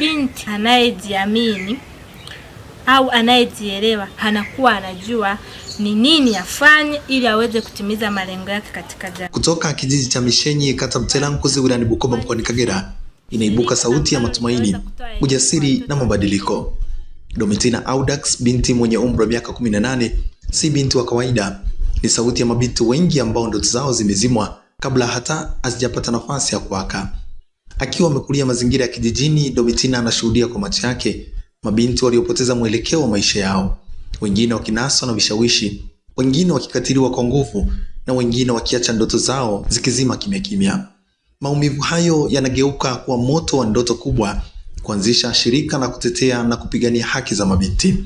binti anayejiamini au anayejielewa anakuwa anajua ni nini afanye ili aweze kutimiza malengo yake katika jamii. Kutoka kijiji cha Mishenyi, kata Mtelankuzi, wilayani Bukoba, mkoani Kagera, inaibuka sauti ya matumaini, ujasiri na mabadiliko. Domitina Audax, binti mwenye umri wa miaka 18, si binti wa kawaida. Ni sauti ya mabinti wengi ambao ndoto zao zimezimwa kabla hata hazijapata nafasi ya kuwaka. Akiwa amekulia mazingira ya kijijini, Domitina anashuhudia kwa macho yake mabinti waliopoteza mwelekeo wa maisha yao, wengine wakinaswa na vishawishi, wengine wakikatiliwa kwa nguvu, na wengine wakiacha ndoto zao zikizima kimya kimya. Maumivu hayo yanageuka kuwa moto wa ndoto kubwa, kuanzisha shirika la kutetea na kupigania haki za mabinti.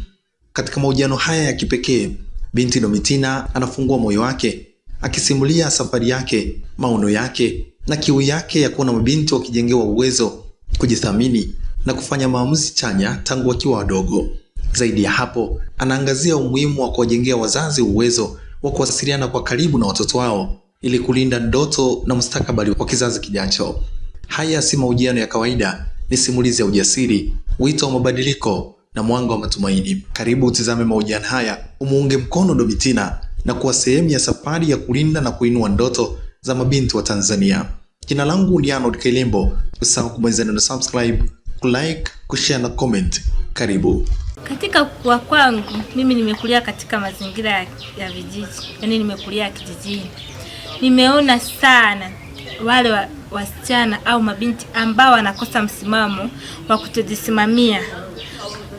Katika mahojiano haya ya kipekee, binti Domitina anafungua moyo wake, akisimulia safari yake, maono yake na kiu yake ya kuona mabinti wakijengewa uwezo, kujithamini na kufanya maamuzi chanya tangu wakiwa wadogo. Zaidi ya hapo, anaangazia umuhimu wa kuwajengea wazazi uwezo wa kuwasiliana kwa karibu na watoto wao ili kulinda ndoto na mustakabali wa kizazi kijacho. Haya si mahojiano ya kawaida, ni simulizi ya ujasiri, wito wa mabadiliko na mwanga wa matumaini. Karibu utizame mahojiano haya, umuunge mkono Dobitina na kuwa sehemu ya safari ya kulinda na kuinua ndoto za mabinti wa Tanzania. Jina langu ni Arnold Kailembo, Usisahau kubonyeza na subscribe, kulike, kushare na comment. Karibu. Katika kwa kwangu mimi nimekulia katika mazingira ya, ya vijiji, yaani nimekulia kijijini. Nimeona sana wale wa, wasichana au mabinti ambao wanakosa msimamo wa kutojisimamia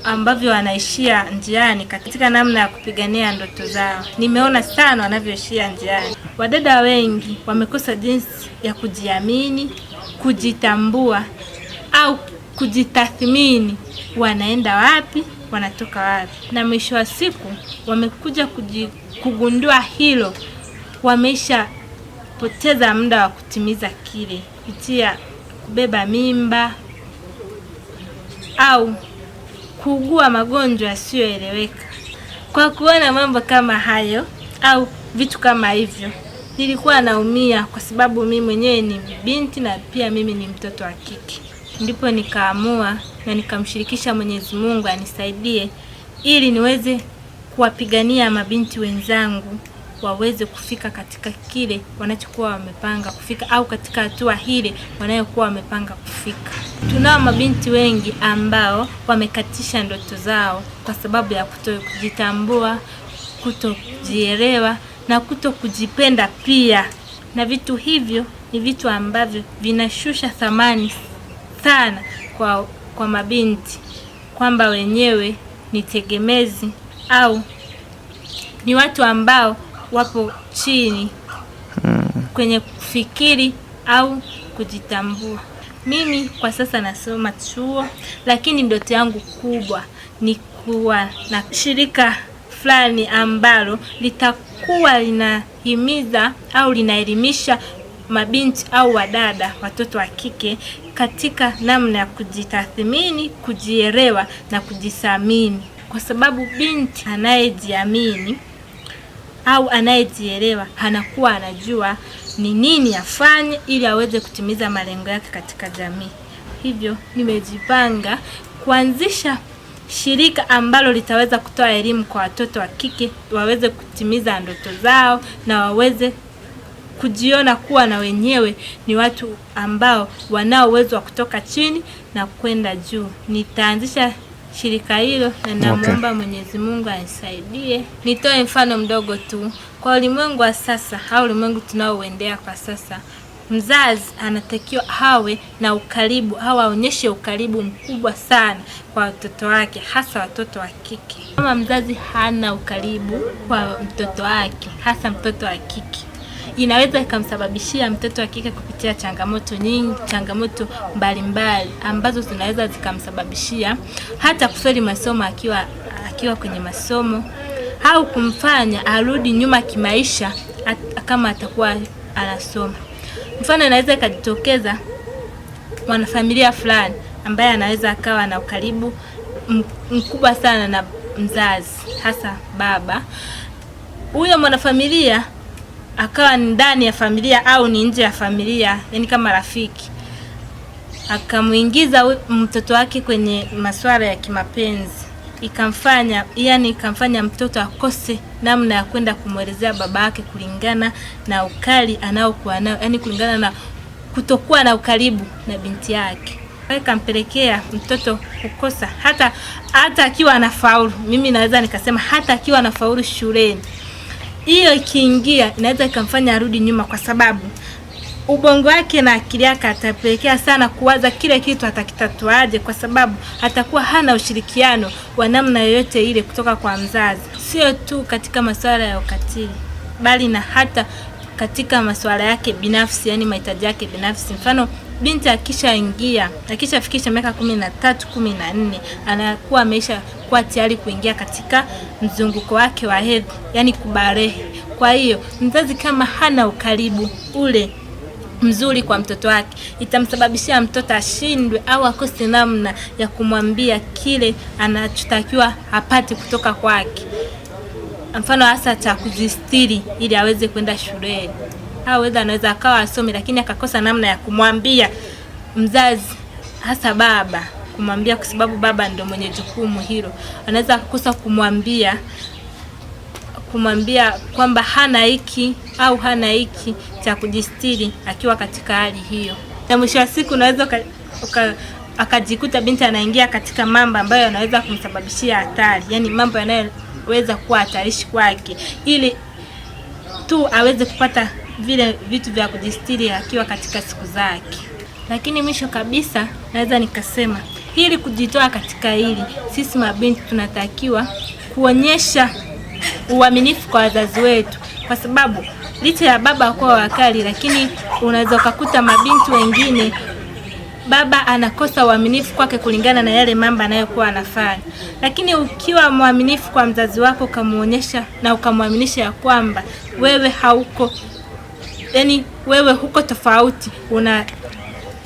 ambavyo wanaishia njiani katika namna ya kupigania ndoto zao. Nimeona sana wanavyoishia njiani. Wadada wengi wamekosa jinsi ya kujiamini, kujitambua au kujitathmini, wanaenda wapi, wanatoka wapi, na mwisho wa siku wamekuja kugundua hilo wameisha poteza muda wa kutimiza kile kupitia kubeba mimba au kuugua magonjwa yasiyoeleweka. Kwa kuona mambo kama hayo au vitu kama hivyo nilikuwa naumia kwa sababu mimi mwenyewe ni binti na pia mimi ni mtoto wa kike. Ndipo nikaamua na nikamshirikisha Mwenyezi Mungu anisaidie ili niweze kuwapigania mabinti wenzangu waweze kufika katika kile wanachokuwa wamepanga kufika au katika hatua hile wanayokuwa wamepanga kufika. Tunao mabinti wengi ambao wamekatisha ndoto zao kwa sababu ya kutojitambua kutojielewa na kuto kujipenda pia, na vitu hivyo ni vitu ambavyo vinashusha thamani sana kwa, kwa mabinti kwamba wenyewe ni tegemezi au ni watu ambao wapo chini kwenye kufikiri au kujitambua. Mimi kwa sasa nasoma chuo, lakini ndoto yangu kubwa ni kuwa na shirika fulani ambalo litakuwa linahimiza au linaelimisha mabinti au wadada, watoto wa kike katika namna ya kujitathmini, kujielewa na kujisamini kwa sababu binti anayejiamini au anayejielewa anakuwa anajua ni nini afanye ili aweze kutimiza malengo yake katika jamii. Hivyo nimejipanga kuanzisha shirika ambalo litaweza kutoa elimu kwa watoto wa kike waweze kutimiza ndoto zao na waweze kujiona kuwa na wenyewe ni watu ambao wanao uwezo wa kutoka chini na kwenda juu. Nitaanzisha shirika hilo na namwomba okay, Mwenyezi Mungu anisaidie. Nitoe mfano mdogo tu kwa ulimwengu wa sasa au ulimwengu tunaouendea kwa sasa mzazi anatakiwa awe na ukaribu au aonyeshe ukaribu mkubwa sana kwa watoto wake, hasa watoto wa kike. Kama mzazi hana ukaribu kwa mtoto wake, hasa mtoto wa kike inaweza ikamsababishia mtoto wa kike kupitia changamoto nyingi, changamoto mbalimbali ambazo zinaweza zikamsababishia hata kufeli masomo akiwa akiwa kwenye masomo au kumfanya arudi nyuma kimaisha at, kama atakuwa anasoma. Mfano, inaweza ikajitokeza mwanafamilia fulani ambaye anaweza akawa na ukaribu mkubwa sana na mzazi, hasa baba. Huyo mwanafamilia akawa ndani ya familia au ni nje ya familia, yani kama rafiki, akamwingiza mtoto wake kwenye masuala ya kimapenzi ikamfanya yani, ikamfanya mtoto akose namna ya kwenda kumwelezea baba yake kulingana na ukali anaokuwa nao, yani kulingana na kutokuwa na ukaribu na binti yake kampelekea mtoto kukosa hata hata akiwa anafaulu. Mimi naweza nikasema hata akiwa anafaulu shuleni, hiyo ikiingia inaweza ikamfanya arudi nyuma, kwa sababu ubongo wake na akili yake atapelekea sana kuwaza kile kitu atakitatuaje, kwa sababu atakuwa hana ushirikiano wa namna yoyote ile kutoka kwa mzazi, sio tu katika masuala ya ukatili, bali na hata katika masuala yake binafsi, yani mahitaji yake binafsi. Mfano, binti akishaingia akishafikisha miaka kumi na tatu kumi na nne anakuwa ameisha kuwa tayari kuingia katika mzunguko wake wa hedhi, yani kubarehe. Kwa hiyo mzazi kama hana ukaribu ule mzuri kwa mtoto wake, itamsababishia mtoto ashindwe au akose namna ya kumwambia kile anachotakiwa apate kutoka kwake, mfano hasa cha kujistiri ili aweze kwenda shuleni, au weza anaweza akawa asome, lakini akakosa namna ya kumwambia mzazi, hasa baba kumwambia, kwa sababu baba ndio mwenye jukumu hilo, anaweza kukosa kumwambia kumwambia kwamba hana hiki au hana hiki cha kujistiri akiwa katika hali hiyo, na mwisho wa siku unaweza akajikuta binti anaingia katika mambo ambayo yanaweza kumsababishia hatari, yani mambo yanayoweza kuwa hatarishi kwake, ili tu aweze kupata vile vitu vya kujistiri akiwa katika siku zake. Lakini mwisho kabisa, naweza nikasema ili kujitoa katika hili, sisi mabinti tunatakiwa kuonyesha uaminifu kwa wazazi wetu, kwa sababu licha ya baba kuwa wakali, lakini unaweza ukakuta mabinti wengine baba anakosa uaminifu kwake kulingana na yale mambo anayokuwa anafanya. Lakini ukiwa mwaminifu kwa mzazi wako ukamuonyesha na ukamwaminisha ya kwamba wewe hauko yani, wewe huko tofauti, una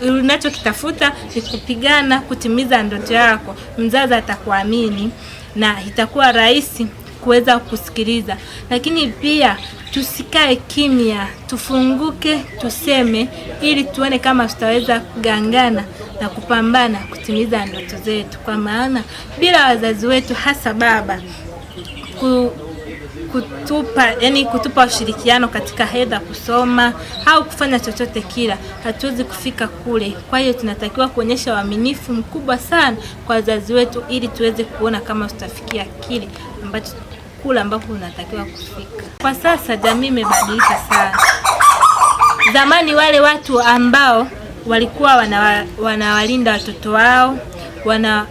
unachokitafuta ni kupigana kutimiza ndoto yako, mzazi atakuamini na itakuwa rahisi kuweza kusikiliza, lakini pia tusikae kimya, tufunguke, tuseme ili tuone kama tutaweza kugangana na kupambana kutimiza ndoto zetu, kwa maana bila wazazi wetu hasa baba ku kutupa, yani kutupa ushirikiano katika hedha, kusoma au kufanya chochote kila, hatuwezi kufika kule. Kwa hiyo tunatakiwa kuonyesha uaminifu mkubwa sana kwa wazazi wetu, ili tuweze kuona kama tutafikia kile ambacho kula ambapo unatakiwa kufika. Kwa sasa jamii imebadilika sana. Zamani wale watu ambao walikuwa wanawalinda watoto wao wana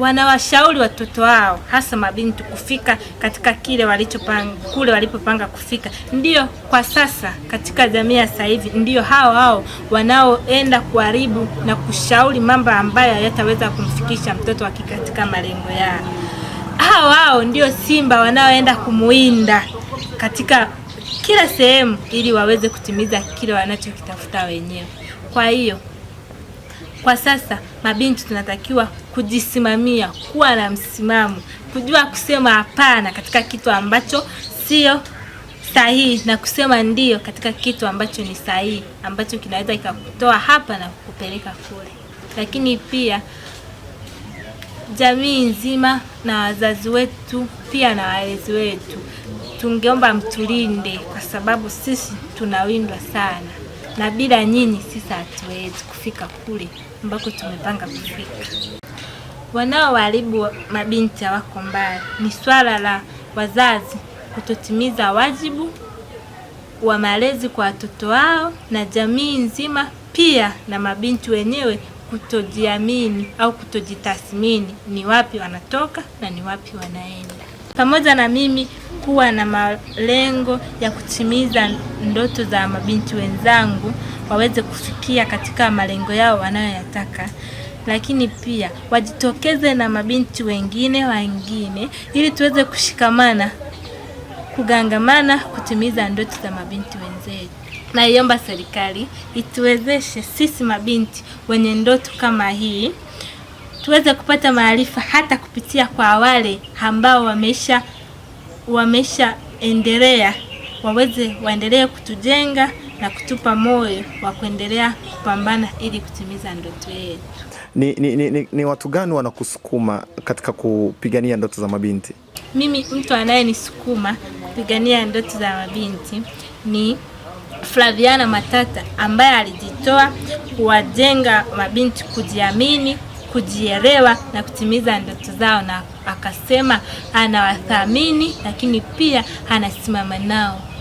wanawashauri watoto wao hasa mabinti kufika katika kile walichopanga kule walipopanga kufika. Ndiyo kwa sasa katika jamii ya sasa hivi ndiyo hao hao wanaoenda kuharibu na kushauri mambo ambayo hayataweza kumfikisha mtoto wake katika malengo yao. Hao hao ndio simba wanaoenda kumuinda katika kila sehemu ili waweze kutimiza kile wanachokitafuta wenyewe. Kwa hiyo kwa sasa mabinti tunatakiwa kujisimamia, kuwa na msimamo, kujua kusema hapana katika kitu ambacho sio sahihi na kusema ndio katika kitu ambacho ni sahihi, ambacho kinaweza kikakutoa hapa na kukupeleka kule. Lakini pia jamii nzima na wazazi wetu pia na walezi wetu tungeomba mtulinde, kwa sababu sisi tunawindwa sana na bila nyinyi sisi hatuwezi kufika kule ambako tumepanga kufika. Wanaoharibu mabinti hawako mbali, ni swala la wazazi kutotimiza wajibu wa malezi kwa watoto wao na jamii nzima, pia na mabinti wenyewe kutojiamini au kutojitathmini, ni wapi wanatoka na ni wapi wanaenda pamoja na mimi kuwa na malengo ya kutimiza ndoto za mabinti wenzangu waweze kufikia katika malengo yao wanayoyataka, lakini pia wajitokeze na mabinti wengine wengine ili tuweze kushikamana, kugangamana kutimiza ndoto za mabinti wenzetu. Naiomba serikali ituwezeshe sisi mabinti wenye ndoto kama hii tuweze kupata maarifa hata kupitia kwa wale ambao wamesha wameshaendelea, waweze waendelee kutujenga na kutupa moyo wa kuendelea kupambana ili kutimiza ndoto yetu. Ni, ni, ni, ni watu gani wanakusukuma katika kupigania ndoto za mabinti? Mimi mtu anayenisukuma kupigania ndoto za mabinti ni Flaviana Matata ambaye alijitoa kuwajenga mabinti kujiamini kujielewa na kutimiza ndoto zao, na akasema anawathamini, lakini pia anasimama nao.